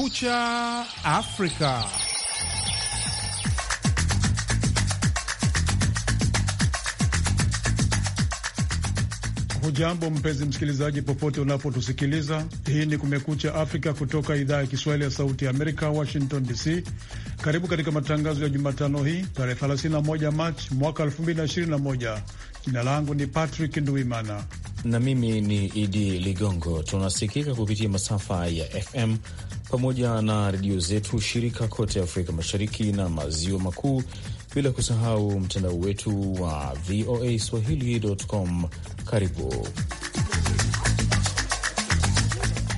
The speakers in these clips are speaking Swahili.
Kumekucha Afrika. Hujambo mpenzi msikilizaji, popote unapotusikiliza. Hii ni Kumekucha Afrika kutoka idhaa ya Kiswahili ya Sauti ya Amerika, Washington DC. Karibu katika matangazo ya Jumatano hii tarehe 31 Machi mwaka 2021. Jina langu ni Patrick Nduimana na mimi ni Idi Ligongo. Tunasikika kupitia masafa ya FM pamoja na redio zetu shirika kote Afrika Mashariki na Maziwa Makuu, bila kusahau mtandao wetu wa VOA swahili.com. Karibu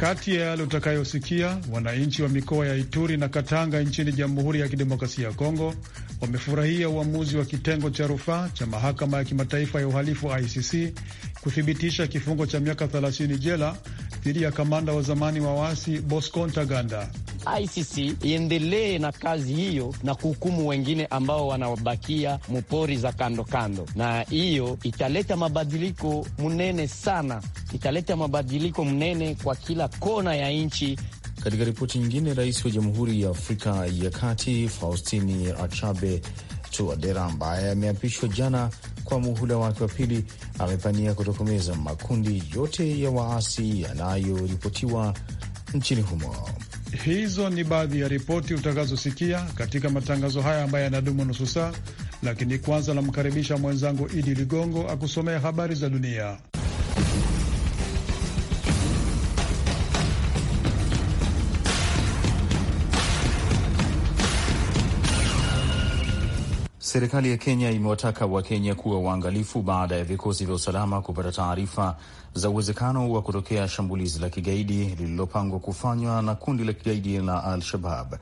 kati ya yale utakayosikia, wananchi wa mikoa ya Ituri na Katanga nchini Jamhuri ya Kidemokrasia ya Kongo wamefurahia uamuzi wa kitengo cha rufaa cha mahakama ya kimataifa ya uhalifu ICC kuthibitisha kifungo cha miaka 30 jela dhidi ya kamanda wa zamani wa waasi Bosco Ntaganda. ICC iendelee na kazi hiyo na kuhukumu wengine ambao wanabakia mupori za kando kando, na hiyo italeta mabadiliko mnene sana, italeta mabadiliko mnene kwa kila kona ya nchi. Katika ripoti nyingine, rais wa Jamhuri ya Afrika ya Kati Faustini Achabe Tuadera ambaye ameapishwa jana kwa muhula wake wa pili amepania kutokomeza makundi yote ya waasi yanayoripotiwa nchini humo. Hizo ni baadhi ya ripoti utakazosikia katika matangazo haya ambayo yanadumu nusu saa, lakini kwanza namkaribisha mwenzangu Idi Ligongo akusomea habari za dunia. Serikali ya Kenya imewataka Wakenya kuwa waangalifu baada ya vikosi vya usalama kupata taarifa za uwezekano wa kutokea shambulizi la kigaidi lililopangwa kufanywa na kundi la kigaidi la Al-Shabab.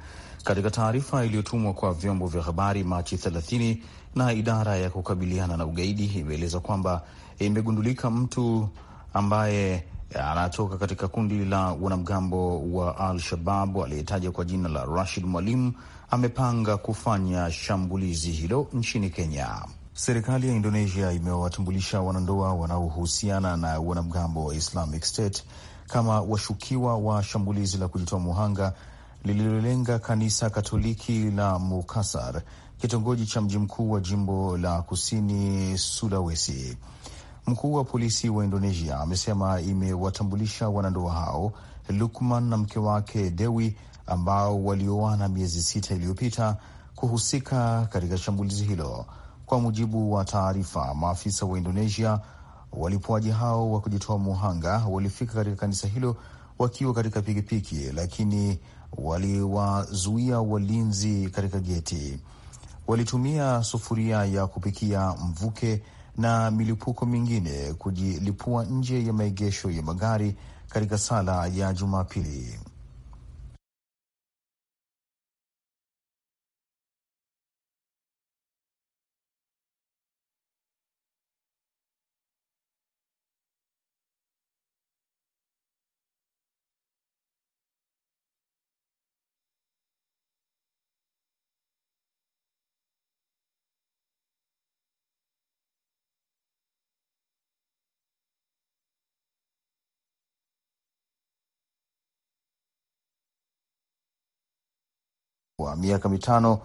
Katika taarifa iliyotumwa kwa vyombo vya habari Machi 30 na idara ya kukabiliana na ugaidi imeeleza kwamba imegundulika mtu ambaye anatoka katika kundi la wanamgambo wa Al-Shabab aliyetaja kwa jina la Rashid Mwalimu amepanga kufanya shambulizi hilo nchini Kenya. Serikali ya Indonesia imewatambulisha wanandoa wanaohusiana na wanamgambo wa Islamic State kama washukiwa wa shambulizi la kujitoa muhanga lililolenga kanisa Katoliki la Mukasar, kitongoji cha mji mkuu wa jimbo la Kusini Sulawesi. Mkuu wa polisi wa Indonesia amesema imewatambulisha wanandoa hao Lukman na mke wake Dewi ambao walioana miezi sita iliyopita kuhusika katika shambulizi hilo. Kwa mujibu wa taarifa, maafisa wa Indonesia, walipuaji hao wa kujitoa muhanga walifika katika kanisa hilo wakiwa katika pikipiki, lakini waliwazuia walinzi katika geti. Walitumia sufuria ya kupikia mvuke na milipuko mingine kujilipua nje ya maegesho ya magari katika sala ya Jumapili. wa miaka mitano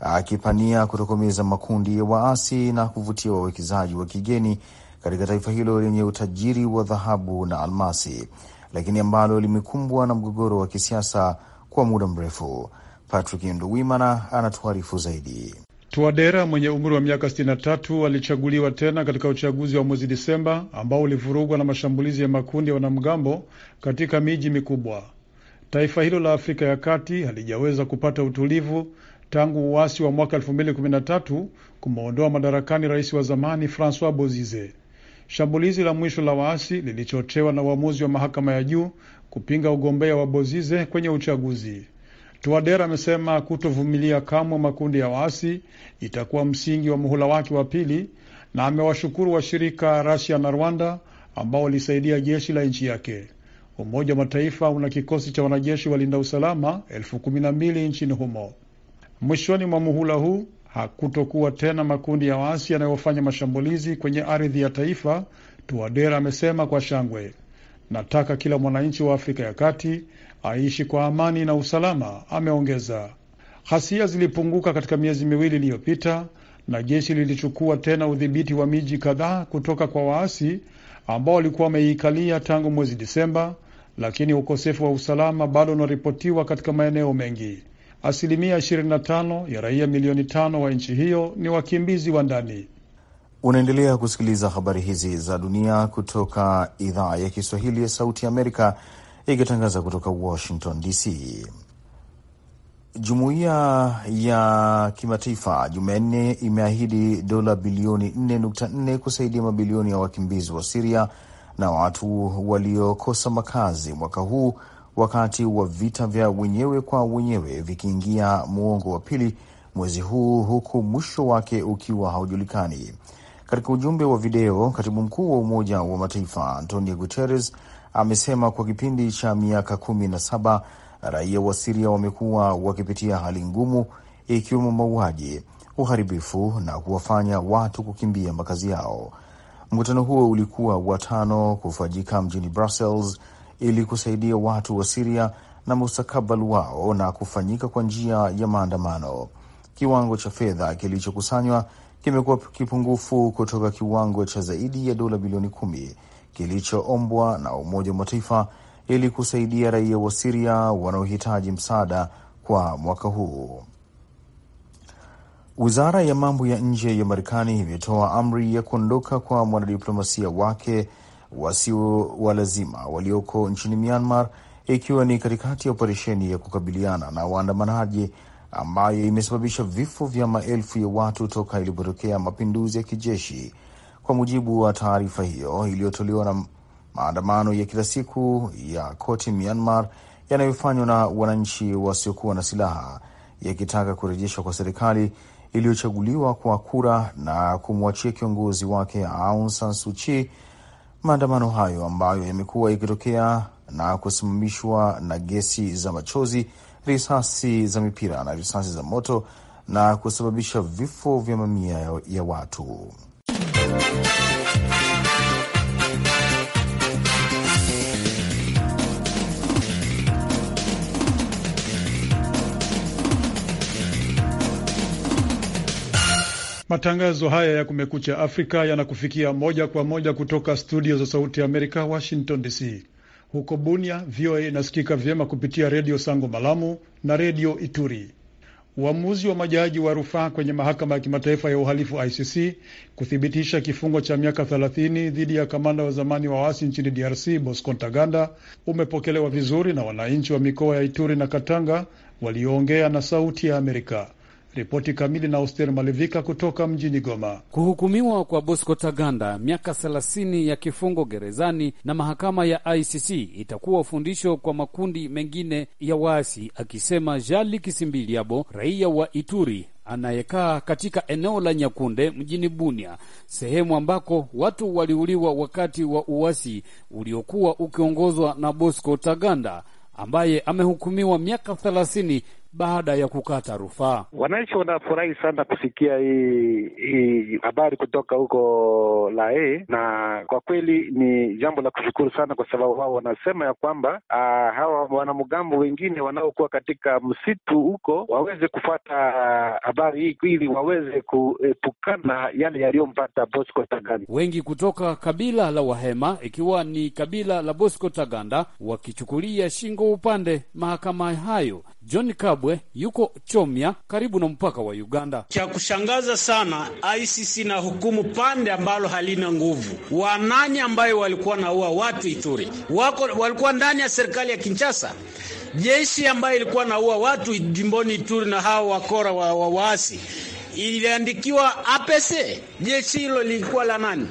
akipania kutokomeza makundi ya waasi na kuvutia wawekezaji wa kigeni katika taifa hilo lenye utajiri wa dhahabu na almasi, lakini ambalo limekumbwa na mgogoro wa kisiasa kwa muda mrefu. Patrick Nduwimana anatuarifu zaidi. Tuadera mwenye umri wa miaka 63 alichaguliwa tena katika uchaguzi wa mwezi Disemba ambao ulivurugwa na mashambulizi ya makundi ya wanamgambo katika miji mikubwa. Taifa hilo la Afrika ya Kati halijaweza kupata utulivu tangu uasi wa mwaka 2013 kumwondoa madarakani rais wa zamani Francois Bozize. Shambulizi la mwisho la waasi lilichochewa na uamuzi wa mahakama ya juu kupinga ugombea wa Bozize kwenye uchaguzi. Tuadera amesema kutovumilia kamwe makundi ya waasi itakuwa msingi wa muhula wake wa pili, na amewashukuru washirika Rasia na Rwanda ambao walisaidia jeshi la nchi yake. Umoja wa Mataifa una kikosi cha wanajeshi walinda usalama elfu kumi na mbili nchini humo. Mwishoni mwa muhula huu hakutokuwa tena makundi ya waasi yanayofanya mashambulizi kwenye ardhi ya taifa, Tuadera amesema kwa shangwe. Nataka kila mwananchi wa Afrika ya Kati aishi kwa amani na usalama, ameongeza. Ghasia zilipunguka katika miezi miwili iliyopita na jeshi lilichukua tena udhibiti wa miji kadhaa kutoka kwa waasi ambao walikuwa wameikalia tangu mwezi Disemba, lakini ukosefu wa usalama bado unaripotiwa katika maeneo mengi. Asilimia 25 ya raia milioni tano wa nchi hiyo ni wakimbizi wa ndani. Unaendelea kusikiliza habari hizi za dunia kutoka idhaa ya Kiswahili ya Sauti ya Amerika, ikitangaza kutoka Washington DC. Jumuiya ya kimataifa Jumanne imeahidi dola bilioni 4.4 kusaidia mabilioni ya wakimbizi wa Siria na watu waliokosa makazi mwaka huu, wakati wa vita vya wenyewe kwa wenyewe vikiingia muongo wa pili mwezi huu, huku mwisho wake ukiwa haujulikani. Katika ujumbe wa video, katibu mkuu wa Umoja wa Mataifa Antonio Guterres amesema kwa kipindi cha miaka kumi na saba raia wa Siria wamekuwa wakipitia hali ngumu, ikiwemo mauaji, uharibifu na kuwafanya watu kukimbia makazi yao. Mkutano huo ulikuwa wa tano kufanyika mjini Brussels ili kusaidia watu wa Siria na mustakabali wao na kufanyika kwa njia ya maandamano. Kiwango cha fedha kilichokusanywa kimekuwa kipungufu kutoka kiwango cha zaidi ya dola bilioni kumi kilichoombwa na Umoja wa Mataifa ili kusaidia raia wa Siria wanaohitaji msaada kwa mwaka huu. Wizara ya mambo ya nje ya Marekani imetoa amri ya kuondoka kwa mwanadiplomasia wake wasio walazima walioko nchini Myanmar, ikiwa ni katikati ya operesheni ya kukabiliana na waandamanaji ambayo imesababisha vifo vya maelfu ya watu toka ilipotokea mapinduzi ya kijeshi, kwa mujibu wa taarifa hiyo iliyotolewa na maandamano ya kila siku ya koti Myanmar yanayofanywa na wananchi wasiokuwa na silaha yakitaka kurejeshwa kwa serikali iliyochaguliwa kwa kura na kumwachia kiongozi wake Aung San Suu Kyi. Maandamano hayo ambayo yamekuwa yakitokea na kusimamishwa na gesi za machozi, risasi za mipira na risasi za moto na kusababisha vifo vya mamia ya watu. Matangazo haya ya Kumekucha Afrika yanakufikia moja kwa moja kutoka studio za Sauti ya Amerika, Washington DC. Huko Bunia, VOA inasikika vyema kupitia Redio Sango Malamu na Redio Ituri. Uamuzi wa majaji wa rufaa kwenye mahakama ya kimataifa ya uhalifu ICC kuthibitisha kifungo cha miaka 30 dhidi ya kamanda wa zamani wa waasi nchini DRC Bosco Ntaganda umepokelewa vizuri na wananchi wa mikoa ya Ituri na Katanga walioongea na Sauti ya Amerika. Ripoti kamili na Oster Malivika kutoka mjini Goma. Kuhukumiwa kwa Bosco Taganda miaka 30 ya kifungo gerezani na mahakama ya ICC itakuwa fundisho kwa makundi mengine ya waasi, akisema Jali Kisimbiliabo, raia wa Ituri anayekaa katika eneo la Nyakunde mjini Bunia, sehemu ambako watu waliuliwa wakati wa uasi uliokuwa ukiongozwa na Bosco Taganda ambaye amehukumiwa miaka thelathini baada ya kukata rufaa. Wananchi wanafurahi sana kusikia hii hii habari kutoka huko Lae, na kwa kweli ni jambo la kushukuru sana, kwa sababu wao wanasema ya kwamba aa, ah, hawa wanamgambo wengine wanaokuwa katika msitu huko waweze kufata ah, habari hii ili waweze kuepukana yale yaliyompata Bosco Taganda. Wengi kutoka kabila la Wahema ikiwa ni kabila la Bosco Taganda wakichukulia shingo upande mahakama hayo John Kabu Zimbabwe yuko Chomia, karibu na mpaka wa Uganda. Cha kushangaza sana, ICC na hukumu pande ambalo halina nguvu. Wanani ambayo walikuwa naua watu Ituri wako walikuwa ndani ya serikali ya Kinshasa, jeshi ambayo ilikuwa naua watu jimboni Ituri na hao wakora wa waasi iliandikiwa APC. Jeshi hilo lilikuwa la nani?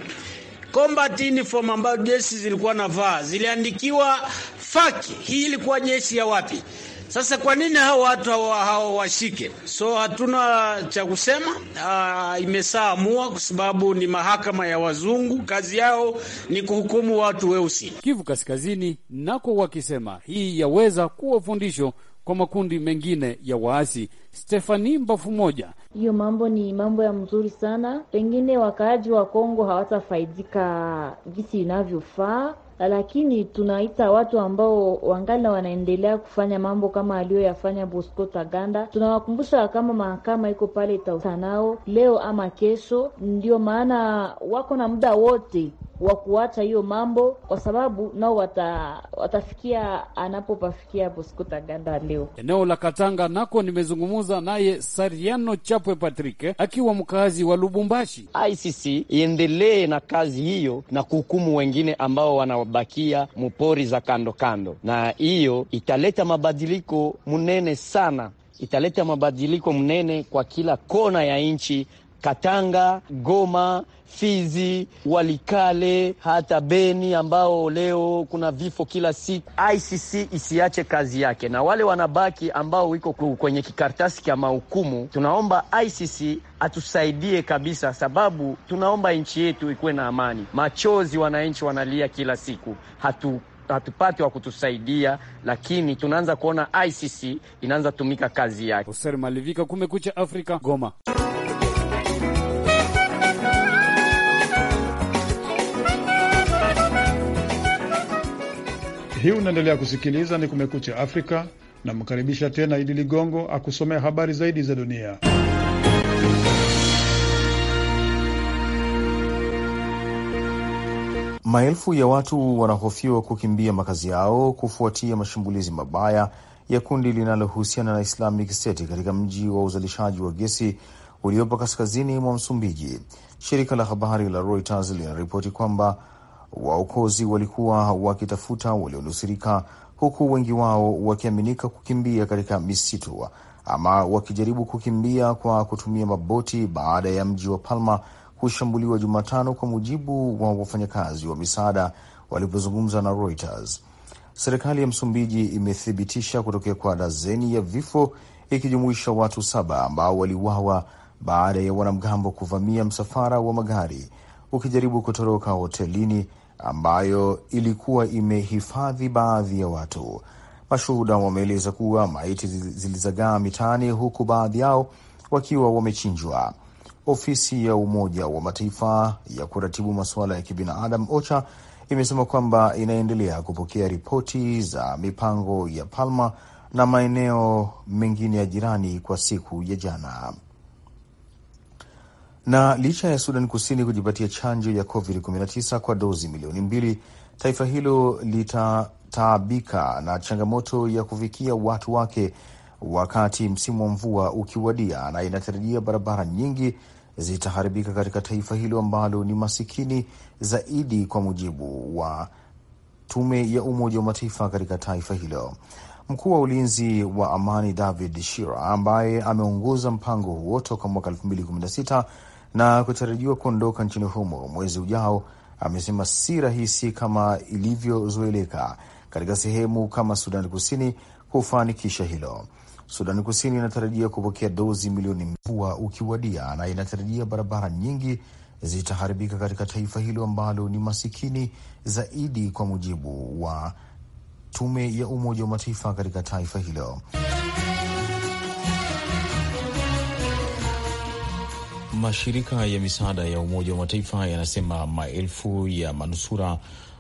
Combat uniform ambayo jeshi zilikuwa na vaa ziliandikiwa faki. Hii ilikuwa jeshi ya wapi? Sasa kwa nini hao watu hawawashike? So hatuna cha kusema, ah, imesaamua kwa sababu ni mahakama ya wazungu, kazi yao ni kuhukumu watu weusi. Kivu Kaskazini nako wakisema hii yaweza kuwa fundisho kwa makundi mengine ya waasi. Stefani Mbafu moja, hiyo mambo ni mambo ya mzuri sana, pengine wakaaji wa Kongo hawatafaidika visi inavyofaa lakini tunaita watu ambao wangala wanaendelea kufanya mambo kama aliyoyafanya Bosco Taganda. Tunawakumbusha kama mahakama iko pale itatanao leo ama kesho, ndio maana wako na muda wote wa kuacha hiyo mambo kwa sababu nao wata, watafikia anapopafikia Bosco Taganda leo. Eneo la Katanga nako nimezungumza naye Sariano Chapwe Patrick akiwa mkazi wa Lubumbashi. ICC iendelee na kazi hiyo na kuhukumu wengine ambao wana wanabakia mupori za kando kando, na hiyo italeta mabadiliko mnene sana, italeta mabadiliko mnene kwa kila kona ya nchi Katanga, Goma, Fizi, Walikale, hata Beni ambao leo kuna vifo kila siku. ICC isiache kazi yake, na wale wanabaki ambao wiko kwenye kikaratasi cha mahukumu, tunaomba ICC atusaidie kabisa, sababu tunaomba nchi yetu ikuwe na amani. Machozi wananchi wanalia kila siku, hatu hatupati wa kutusaidia, lakini tunaanza kuona ICC inaanza tumika kazi yake. Hoser Malivika, Kumekucha Afrika, Goma. Hii unaendelea kusikiliza ni Kumekucha Afrika. Namkaribisha tena Idi Ligongo akusomea habari zaidi za dunia. Maelfu ya watu wanahofiwa kukimbia makazi yao kufuatia mashambulizi mabaya ya kundi linalohusiana na Islamic State katika mji wa uzalishaji wa gesi uliopo kaskazini mwa Msumbiji. Shirika la habari la Reuters linaripoti kwamba waokozi walikuwa wakitafuta walionusurika, huku wengi wao wakiaminika kukimbia katika misitu ama wakijaribu kukimbia kwa kutumia maboti baada ya mji wa Palma kushambuliwa Jumatano, kwa mujibu wa wafanyakazi wa misaada walivyozungumza na Reuters. Serikali ya Msumbiji imethibitisha kutokea kwa dazeni ya vifo ikijumuisha watu saba ambao waliuawa baada ya wanamgambo kuvamia msafara wa magari ukijaribu kutoroka hotelini ambayo ilikuwa imehifadhi baadhi ya watu. Mashuhuda wameeleza kuwa maiti zilizagaa mitaani, huku baadhi yao wakiwa wamechinjwa. Ofisi ya Umoja wa Mataifa ya kuratibu masuala ya kibinadamu OCHA imesema kwamba inaendelea kupokea ripoti za mipango ya Palma na maeneo mengine ya jirani kwa siku ya jana. Na licha ya Sudan Kusini kujipatia chanjo ya COVID-19 kwa dozi milioni mbili, taifa hilo litataabika na changamoto ya kufikia watu wake wakati msimu wa mvua ukiwadia, na inatarajia barabara nyingi zitaharibika katika taifa hilo ambalo ni masikini zaidi kwa mujibu wa tume ya Umoja wa Mataifa katika taifa hilo. Mkuu wa ulinzi wa amani David Shira, ambaye ameongoza mpango huo toka mwaka 2016 na kutarajiwa kuondoka nchini humo mwezi ujao, amesema si rahisi kama ilivyozoeleka katika sehemu kama Sudani Kusini kufanikisha hilo. Sudani Kusini inatarajia kupokea dozi milioni mvua ukiwadia, na inatarajia barabara nyingi zitaharibika katika taifa hilo ambalo ni masikini zaidi, kwa mujibu wa tume ya Umoja wa Mataifa katika taifa hilo. Mashirika ya misaada ya Umoja wa Mataifa yanasema maelfu ya manusura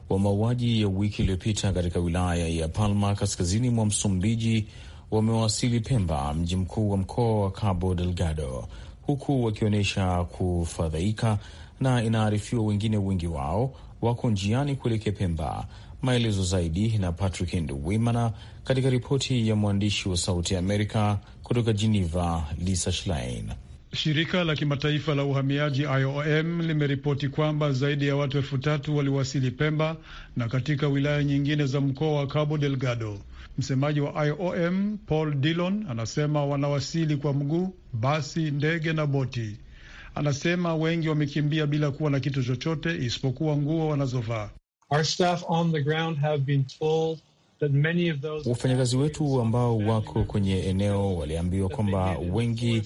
wa mauaji ya wiki iliyopita katika wilaya ya Palma kaskazini mwa Msumbiji wamewasili Pemba, mji mkuu wa mkoa wa Cabo Delgado, huku wakionyesha kufadhaika, na inaarifiwa wengine wengi wao wako njiani kuelekea Pemba. Maelezo zaidi na Patrick Nduwimana katika ripoti ya mwandishi wa Sauti ya Amerika kutoka Geneva, Lisa Schlein. Shirika la kimataifa la uhamiaji IOM limeripoti kwamba zaidi ya watu elfu tatu waliwasili Pemba na katika wilaya nyingine za mkoa wa Cabo Delgado. Msemaji wa IOM Paul Dillon anasema wanawasili kwa mguu, basi, ndege na boti. Anasema wengi wamekimbia bila kuwa na kitu chochote isipokuwa nguo wanazovaa. Our staff on the ground have been told Wafanyakazi wetu ambao wako kwenye eneo waliambiwa kwamba wengi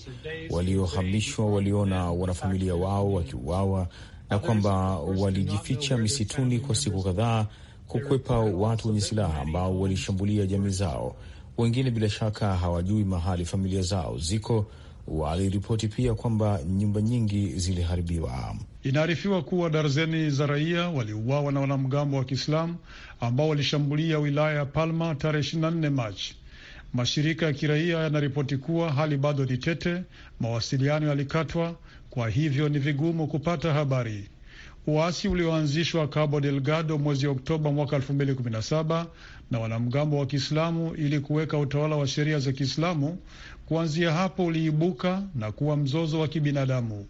waliohamishwa waliona wanafamilia wao wakiuawa na kwamba walijificha misituni kwa siku kadhaa kukwepa watu wenye silaha ambao walishambulia jamii zao. Wengine bila shaka hawajui mahali familia zao ziko Waliripoti pia kwamba nyumba nyingi ziliharibiwa. Inaarifiwa kuwa darzeni za raia waliuawa na wanamgambo wa Kiislamu ambao walishambulia wilaya ya Palma tarehe 24 Machi. Mashirika ya kiraia yanaripoti kuwa hali bado ni tete, mawasiliano yalikatwa, kwa hivyo ni vigumu kupata habari. Uasi ulioanzishwa Cabo Delgado mwezi Oktoba mwaka 2017 na wanamgambo wa Kiislamu ili kuweka utawala wa sheria za Kiislamu Kuanzia hapo uliibuka na kuwa mzozo wa kibinadamu.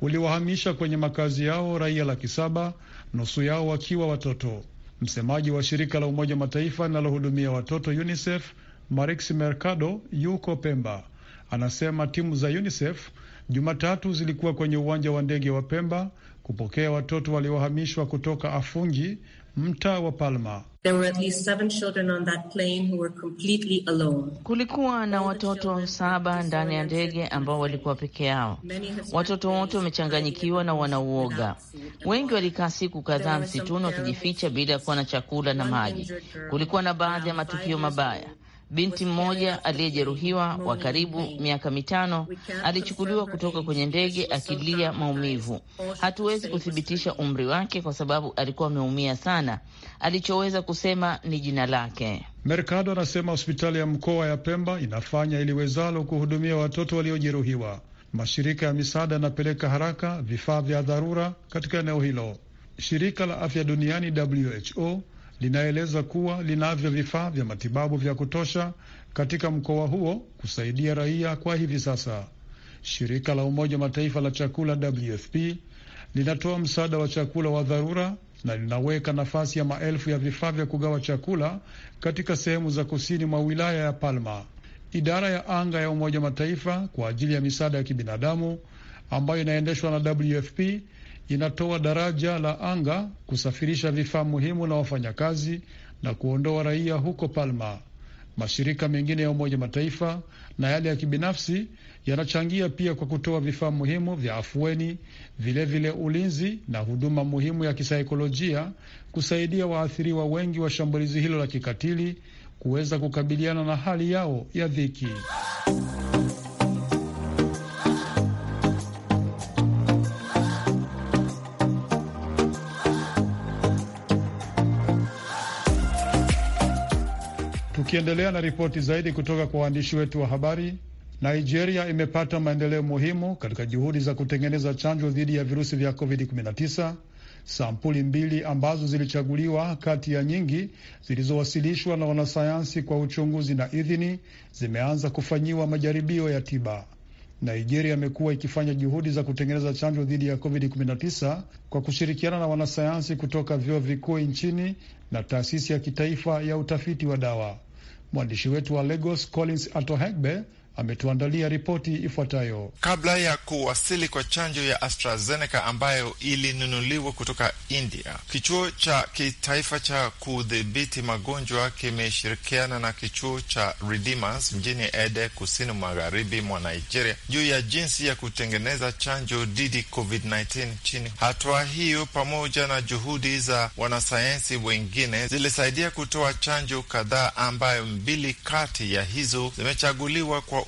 Uliwahamisha kwenye makazi yao raia laki saba, nusu yao wakiwa watoto. Msemaji wa shirika la Umoja Mataifa linalohudumia watoto UNICEF Marix Mercado yuko Pemba, anasema timu za UNICEF Jumatatu zilikuwa kwenye uwanja wa ndege wa Pemba kupokea watoto waliohamishwa kutoka Afungi, mtaa wa Palma. There were at least seven children on that plane who were completely alone. Kulikuwa na watoto saba ndani ya ndege ambao walikuwa peke yao. Watoto wote wamechanganyikiwa na wanauoga. Wengi walikaa siku kadhaa msituni wakijificha bila ya kuwa na chakula na maji. Kulikuwa na baadhi ya matukio mabaya. Binti mmoja aliyejeruhiwa wa karibu miaka mitano alichukuliwa kutoka kwenye ndege akilia maumivu. Hatuwezi kuthibitisha umri wake kwa sababu alikuwa ameumia sana. Alichoweza kusema ni jina lake. Mercado anasema hospitali ya mkoa ya Pemba inafanya iliwezalo kuhudumia watoto waliojeruhiwa. Mashirika ya misaada yanapeleka haraka vifaa vya dharura katika eneo hilo. Shirika la afya duniani WHO linaeleza kuwa linavyo vifaa vya matibabu vya kutosha katika mkoa huo kusaidia raia kwa hivi sasa. Shirika la Umoja wa Mataifa la chakula WFP linatoa msaada wa chakula wa dharura na linaweka nafasi ya maelfu ya vifaa vya kugawa chakula katika sehemu za kusini mwa wilaya ya Palma. Idara ya anga ya Umoja wa Mataifa kwa ajili ya misaada ya kibinadamu ambayo inaendeshwa na WFP inatoa daraja la anga kusafirisha vifaa muhimu na wafanyakazi na kuondoa raia huko Palma. Mashirika mengine ya Umoja Mataifa na yale ya kibinafsi yanachangia pia kwa kutoa vifaa muhimu vya afueni, vilevile vile ulinzi na huduma muhimu ya kisaikolojia kusaidia waathiriwa wengi wa shambulizi hilo la kikatili kuweza kukabiliana na hali yao ya dhiki. Tukiendelea na ripoti zaidi kutoka kwa waandishi wetu wa habari, Nigeria imepata maendeleo muhimu katika juhudi za kutengeneza chanjo dhidi ya virusi vya COVID-19. Sampuli mbili ambazo zilichaguliwa kati ya nyingi zilizowasilishwa na wanasayansi kwa uchunguzi na idhini zimeanza kufanyiwa majaribio ya tiba. Nigeria imekuwa ikifanya juhudi za kutengeneza chanjo dhidi ya COVID-19 kwa kushirikiana na wanasayansi kutoka vyuo vikuu nchini na taasisi ya kitaifa ya utafiti wa dawa. Mwandishi wetu wa Lagos Collins Atohegbe ametuandalia ripoti ifuatayo. Kabla ya kuwasili kwa chanjo ya AstraZeneca ambayo ilinunuliwa kutoka India, kichuo cha kitaifa cha kudhibiti magonjwa kimeshirikiana na kichuo cha Redeemers mjini Ede, kusini magharibi mwa Nigeria, juu ya jinsi ya kutengeneza chanjo dhidi COVID-19 nchini. Hatua hiyo pamoja na juhudi za wanasayansi wengine zilisaidia kutoa chanjo kadhaa, ambayo mbili kati ya hizo zimechaguliwa kwa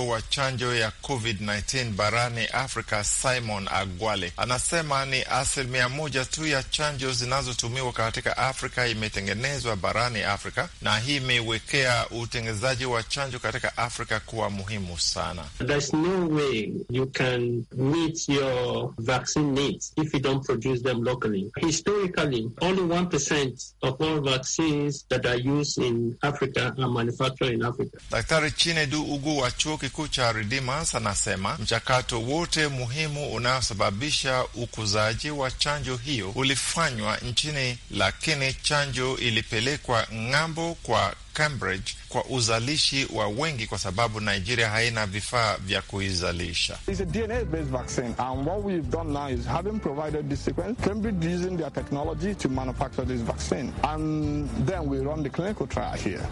mpango wa chanjo ya COVID-19 barani Afrika, Simon Agwale, anasema ni asilimia moja tu ya chanjo zinazotumiwa katika Afrika imetengenezwa barani Afrika, na hii imewekea utengenezaji wa chanjo katika Afrika kuwa muhimu sana. No way you can meet your vaccine needs if you don't produce them locally. Historically, only 1% of all vaccines that are used in Africa are manufactured in Africa. Daktari Chinedu Ugu wa chuo kikuu cha Redeemers anasema mchakato wote muhimu unaosababisha ukuzaji wa chanjo hiyo ulifanywa nchini, lakini chanjo ilipelekwa ng'ambo kwa Cambridge kwa uzalishi wa wengi, kwa sababu Nigeria haina vifaa vya kuizalisha.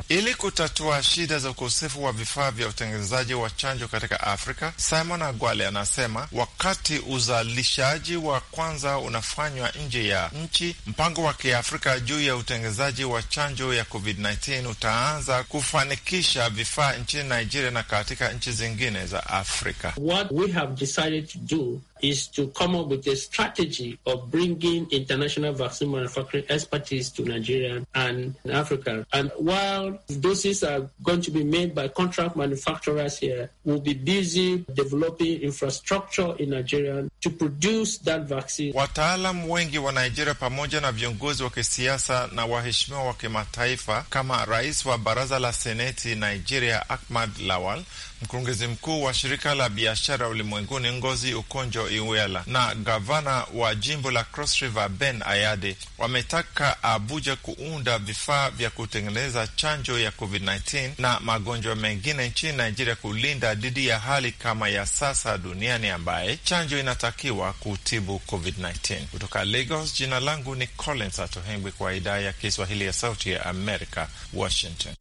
Ili kutatua shida za ukosefu wa vifaa vya utengenezaji wa chanjo katika Afrika, Simon Agwale anasema wakati uzalishaji wa kwanza unafanywa nje ya nchi, mpango wa Kiafrika juu ya utengenezaji wa chanjo ya COVID-19 sita za kufanikisha vifaa nchini Nigeria na katika nchi zingine za Afrika. What we have decided to do is to come up with a strategy of bringing international vaccine manufacturing expertise to Nigeria and Africa. And while doses are going to be made by contract manufacturers here, we'll be busy developing infrastructure in Nigeria to produce that vaccine. Wataalam wengi wa Nigeria pamoja na viongozi wa kisiasa na waheshimiwa wa kimataifa kama rais wa baraza la seneti Nigeria Ahmad Lawal mkurugenzi mkuu wa shirika la biashara ulimwenguni Ngozi Okonjo Iweala na gavana wa jimbo la Cross River Ben Ayade wametaka Abuja kuunda vifaa vya kutengeneza chanjo ya COVID-19 na magonjwa mengine nchini Nigeria kulinda dhidi ya hali kama ya sasa duniani ambaye chanjo inatakiwa kutibu COVID-19. Kutoka Lagos, jina langu ni Collins Atohengwi kwa idhaa ya Kiswahili ya Sauti ya Amerika, Washington.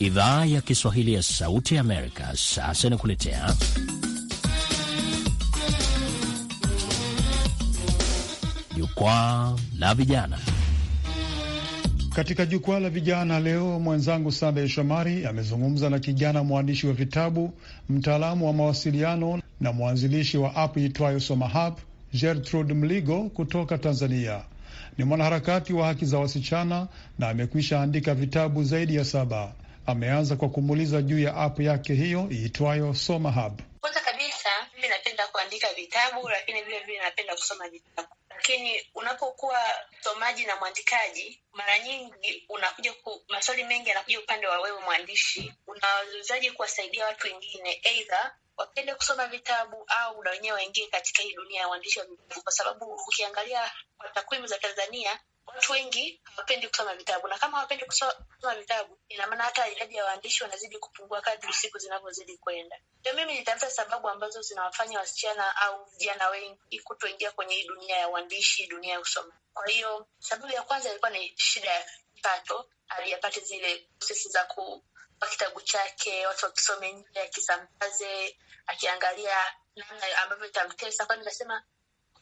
Idhaa ya Kiswahili ya Sauti ya Amerika sasa inakuletea jukwaa la vijana. Katika jukwaa la vijana leo, mwenzangu Sandey Shomari amezungumza na kijana mwandishi wa vitabu, mtaalamu wa mawasiliano na mwanzilishi wa app itwayo SomaHub, Gertrude Mligo kutoka Tanzania. Ni mwanaharakati wa haki za wasichana na amekwisha andika vitabu zaidi ya saba ameanza kwa kumuuliza juu ya app yake hiyo iitwayo Soma Hub. Kwanza kabisa mimi napenda kuandika vitabu, lakini vile vile napenda kusoma vitabu lakini unapokuwa msomaji na mwandikaji, mara nyingi unakuja ku, maswali mengi yanakuja upande wa wewe mwandishi, unawezaje kuwasaidia watu wengine, aidha wapende kusoma vitabu au na wenyewe waingie katika hii dunia ya uandishi wa vitabu, kwa sababu ukiangalia kwa takwimu za Tanzania watu wengi hawapendi kusoma vitabu, na kama hawapendi kusoma vitabu, ina maana hata idadi ya waandishi wanazidi kupungua kadri siku zinavyozidi kwenda. Ndio mimi nitafuta sababu ambazo zinawafanya wasichana au vijana wengi kutoingia kwenye hii dunia ya uandishi, dunia ya kusoma. Kwa hiyo sababu ya kwanza ilikuwa ni shida ya kipato, aliyapate zile prosesi za ku kitabu chake watu wakisome nje, akisambaze, akiangalia namna ambavyo itamtesa. Kwani nasema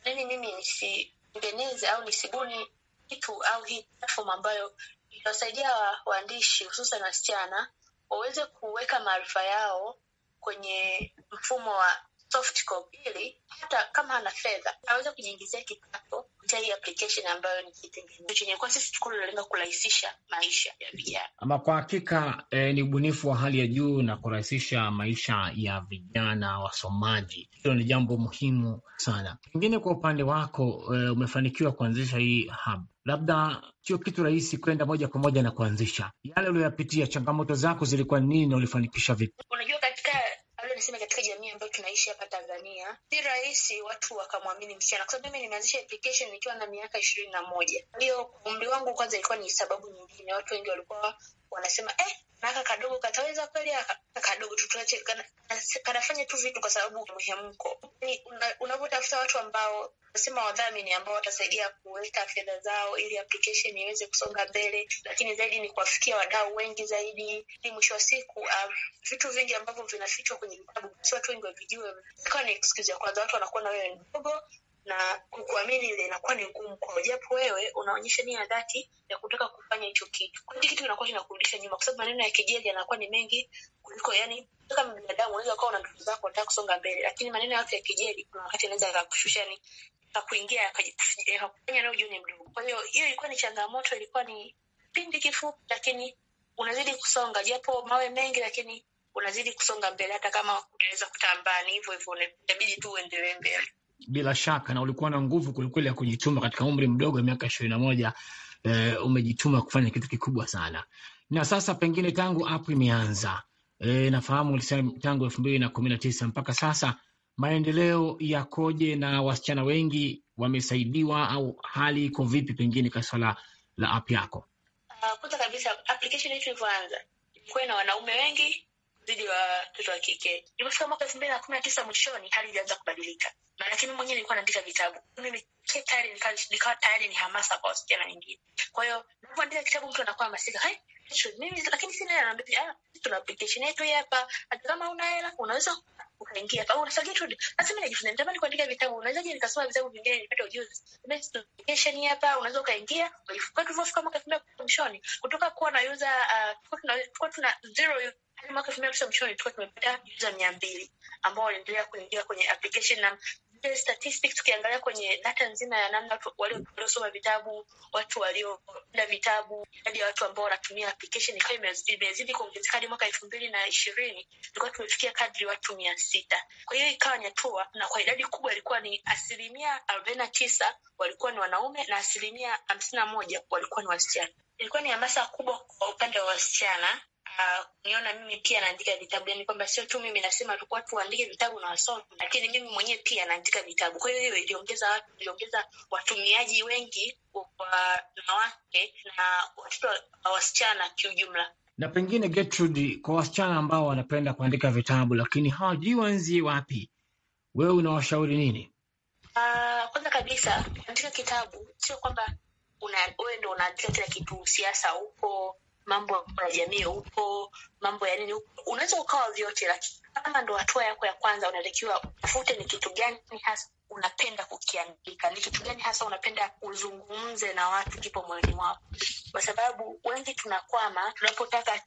kwanini nini mimi nisitengeneze au nisibuni kitu au hii platform ambayo itawasaidia waandishi hususan wasichana waweze kuweka maarifa yao kwenye mfumo wa soft copy ili hata kama ana fedha aweze kujiingizia kipato kupitia hii application ambayo ni kwa sisi tunalenga kurahisisha maisha ya vijana. Ama kwa hakika eh, ni ubunifu wa hali ya juu na kurahisisha maisha ya vijana wasomaji. Hilo ni jambo muhimu sana. Pengine kwa upande wako eh, umefanikiwa kuanzisha hii hub labda sio kitu rahisi kwenda moja kwa moja na kuanzisha. Yale uliyoyapitia, changamoto zako zilikuwa nini na ulifanikisha vipi? Unajua niseme katika jamii ambayo tunaishi hapa Tanzania, si rahisi watu wakamwamini msichana, kwa sababu mimi nimeanzisha application nikiwa na miaka ishirini na moja. Hiyo umri wangu kwanza ilikuwa ni sababu nyingine, watu wengi walikuwa wanasema eh, naka kadogo kataweza kweli, kadogo tutuache, kanafanya tu vitu kwa sababu mhemko. Unavyotafuta una watu ambao nasema wadhamini ambao watasaidia kuweka fedha zao ili application iweze kusonga mbele, lakini zaidi ni kuwafikia wadau wengi zaidi, ili mwisho wa siku um, vitu vingi ambavyo vinafichwa kwenye vitabu, basi watu wengi wavijue. Ikawa ni excuse ya kwanza, watu wanakuona wewe ni mdogo na kukuamini ile inakuwa ni ngumu kwao, japo wewe unaonyesha nia ya dhati ya kutaka kufanya hicho kitu. Kwa hiyo kitu kinakuwa kinakurudisha nyuma, kwa sababu maneno ya kejeli yanakuwa ni mengi kuliko yani, kama binadamu unaweza ukawa una ndoto zako unataka kusonga mbele, lakini maneno yako ya kijeli kuna wakati anaweza akakushusha ni akakuingia akakufanya leo juu ni mdogo. Kwa hiyo hiyo ilikuwa ni changamoto, ilikuwa ni kipindi kifupi, lakini unazidi kusonga, japo mawe mengi, lakini unazidi kusonga mbele, hata kama unaweza kutambaa, ni hivyo hivyo, inabidi tu uendelee mbele bila shaka, na ulikuwa na nguvu kwelikweli ya kujituma katika umri mdogo wa miaka ishirini na moja. E, eh, umejituma kufanya kitu kikubwa sana, na sasa pengine tangu app imeanza, e, nafahamu ulisema tangu elfu mbili na kumi na tisa mpaka sasa maendeleo yakoje, na wasichana wengi wamesaidiwa au hali iko vipi, pengine kwa swala la app yako? Uh, kwanza kabisa application yetu ilivyoanza ilikuwa na wanaume wengi dhidi ya watoto wa kike. Ilipofika mwaka elfu mbili na kumi na tisa mwishoni, hali ilianza kubadilika, lakini mwenyewe nilikuwa naandika vitabu mimi tayari nikawa tayari ni hamasa kwa wasichana wengine. Kwa hiyo napoandika kitabu mtu anakuwa hamasika, mimi lakini sina hela, naambia ah, tuna application yetu hapa, hata kama una hela unaweza ukaingia hapa. Una Gertrude, nasema najifunza, nitamani kuandika vitabu, unaweza je nikasoma vitabu vingine nipate ujuzi? Tuna application hapa, unaweza ukaingia. Kwa tulivyofika mwaka elfu mbili kutoka kuwa na user ah, tulikuwa tuna zero hadi mwaka elfu mbili mwishoni tumepata user mia mbili ambao waliendelea kuingia kwenye application na zile statistics tukiangalia kwenye data nzima ya namna waliosoma vitabu, watu walioenda vitabu, idadi ya watu ambao wanatumia application ikawa imezidi kuongezeka hadi mwaka elfu mbili na ishirini tulikuwa tumefikia kadri watu mia sita. Kwa hiyo ikawa ni hatua, na kwa idadi kubwa ilikuwa ni asilimia arobaini na tisa walikuwa ni wanaume na asilimia hamsini na moja walikuwa ni wasichana. Ilikuwa ni hamasa kubwa kwa upande wa wasichana uh, niona mimi pia naandika vitabu, yani kwamba sio tu mimi nasema tu watu waandike vitabu na wasome, lakini mimi mwenyewe pia naandika vitabu. Kwa hiyo hiyo iliongeza watu, iliongeza watumiaji wengi wa wanawake na watoto wa wasichana kiujumla na pengine Gertrude, kwa wasichana ambao wanapenda kuandika vitabu lakini hawajui waanzie wapi, wewe unawashauri nini? Uh, kwanza kabisa kuandika kitabu sio kwamba wewe ndo unaandika kila kitu, siasa huko mambo ya jamii upo, mambo ya nini upo, unaweza ukawa vyote, lakini kama ndo hatua yako ya kwanza, unatakiwa utafute ni kitu gani hasa unapenda kukiandika, ni kitu gani hasa unapenda uzungumze na watu, kipo moyoni mwako, kwa sababu wengi tunakwama tunapotaka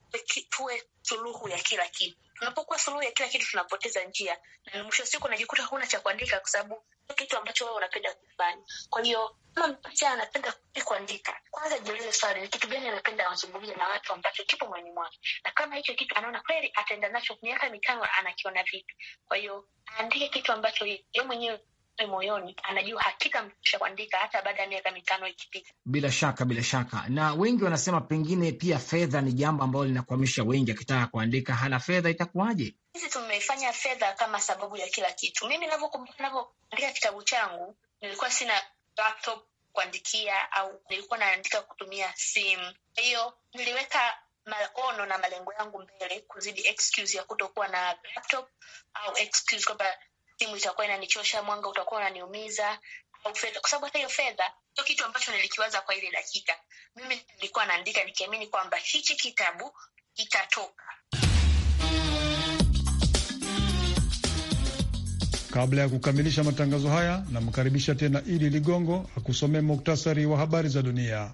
tuwe suluhu ya kila kitu unapokuwa suluhu ya kila kitu tunapoteza njia, na mwisho siku unajikuta huna cha kuandika, kwa sababu kitu ambacho wewe unapenda kufanya. Kwa hiyo kama mpacha anapenda kuandika, kwanza jiulize swali, ni kitu gani anapenda azungumze na watu ambacho kipo mwani mwake, na kama hicho kitu anaona kweli ataenda nacho miaka mitano, anakiona vipi? Kwa hiyo aandike kitu ambacho yeye mwenyewe moyoni, anajua hakika mkisha kuandika hata baada ya miaka mitano ikipita. Bila shaka, bila shaka. Na wengi wanasema pengine pia fedha ni jambo ambalo linakwamisha wengi, akitaka kuandika hana fedha itakuwaje? Sisi tumefanya fedha kama sababu ya kila kitu. Mimi navyokumbuka, navyoandika kitabu changu nilikuwa sina laptop kuandikia, au nilikuwa naandika kutumia simu. Kwa hiyo niliweka maono na malengo yangu mbele kuzidi excuse ya kutokuwa na laptop au excuse kwamba simu itakuwa inanichosha, mwanga utakuwa unaniumiza au fedha, kwa sababu hata hiyo fedha sio kitu ambacho nilikiwaza kwa ile dakika. Mimi nilikuwa naandika nikiamini kwamba hichi kitabu kitatoka. Kabla ya kukamilisha matangazo haya, namkaribisha tena Idi Ligongo akusomee muktasari wa habari za dunia.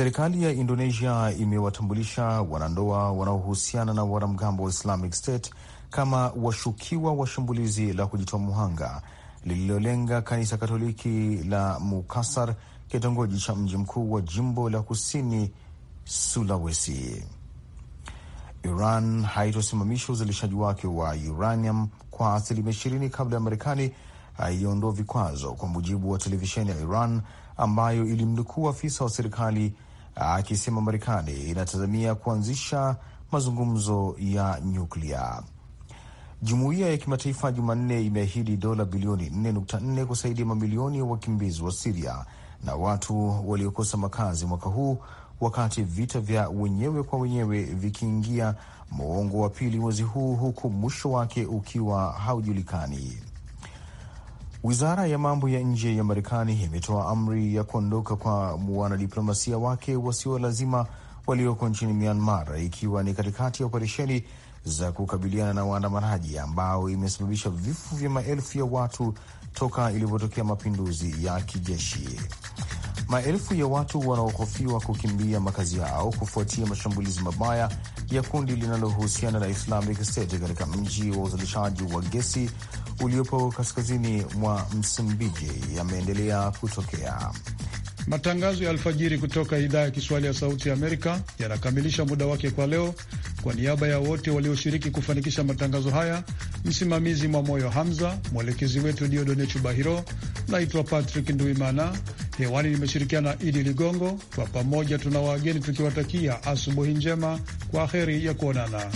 Serikali ya Indonesia imewatambulisha wanandoa wanaohusiana na wanamgambo wa Islamic State kama washukiwa wa shambulizi la kujitoa muhanga lililolenga kanisa Katoliki la Mukasar, kitongoji cha mji mkuu wa jimbo la kusini Sulawesi. Iran haitosimamisha uzalishaji wake wa uranium kwa asilimia ishirini kabla ya Marekani haiondoa vikwazo, kwa mujibu wa televisheni ya Iran ambayo ilimnukuu afisa wa serikali akisema Marekani inatazamia kuanzisha mazungumzo ya nyuklia. Jumuiya ya kimataifa Jumanne imeahidi dola bilioni 4.4 kusaidia mamilioni ya wakimbizi wa Siria na watu waliokosa makazi mwaka huu wakati vita vya wenyewe kwa wenyewe vikiingia muongo wa pili mwezi huu, huku mwisho wake ukiwa haujulikani. Wizara ya mambo ya nje ya Marekani imetoa amri ya kuondoka kwa wanadiplomasia wake wasio lazima walioko nchini Myanmar, ikiwa ni katikati ya operesheni za kukabiliana na waandamanaji ambao imesababisha vifo vya maelfu ya watu toka ilivyotokea mapinduzi ya kijeshi. Maelfu ya watu wanaohofiwa kukimbia makazi yao kufuatia mashambulizi mabaya ya kundi linalohusiana na Islamic State katika mji wa uzalishaji wa gesi uliopo kaskazini mwa Msumbiji yameendelea kutokea. Matangazo ya alfajiri kutoka idhaa ya Kiswahili ya Sauti ya Amerika yanakamilisha muda wake kwa leo. Kwa niaba ya wote walioshiriki kufanikisha matangazo haya, msimamizi mwa moyo Hamza, mwelekezi wetu Diodone Chubahiro. Naitwa Patrick Nduimana, hewani nimeshirikiana na Idi Ligongo. Kwa pamoja tuna wageni tukiwatakia asubuhi njema, kwa heri ya kuonana.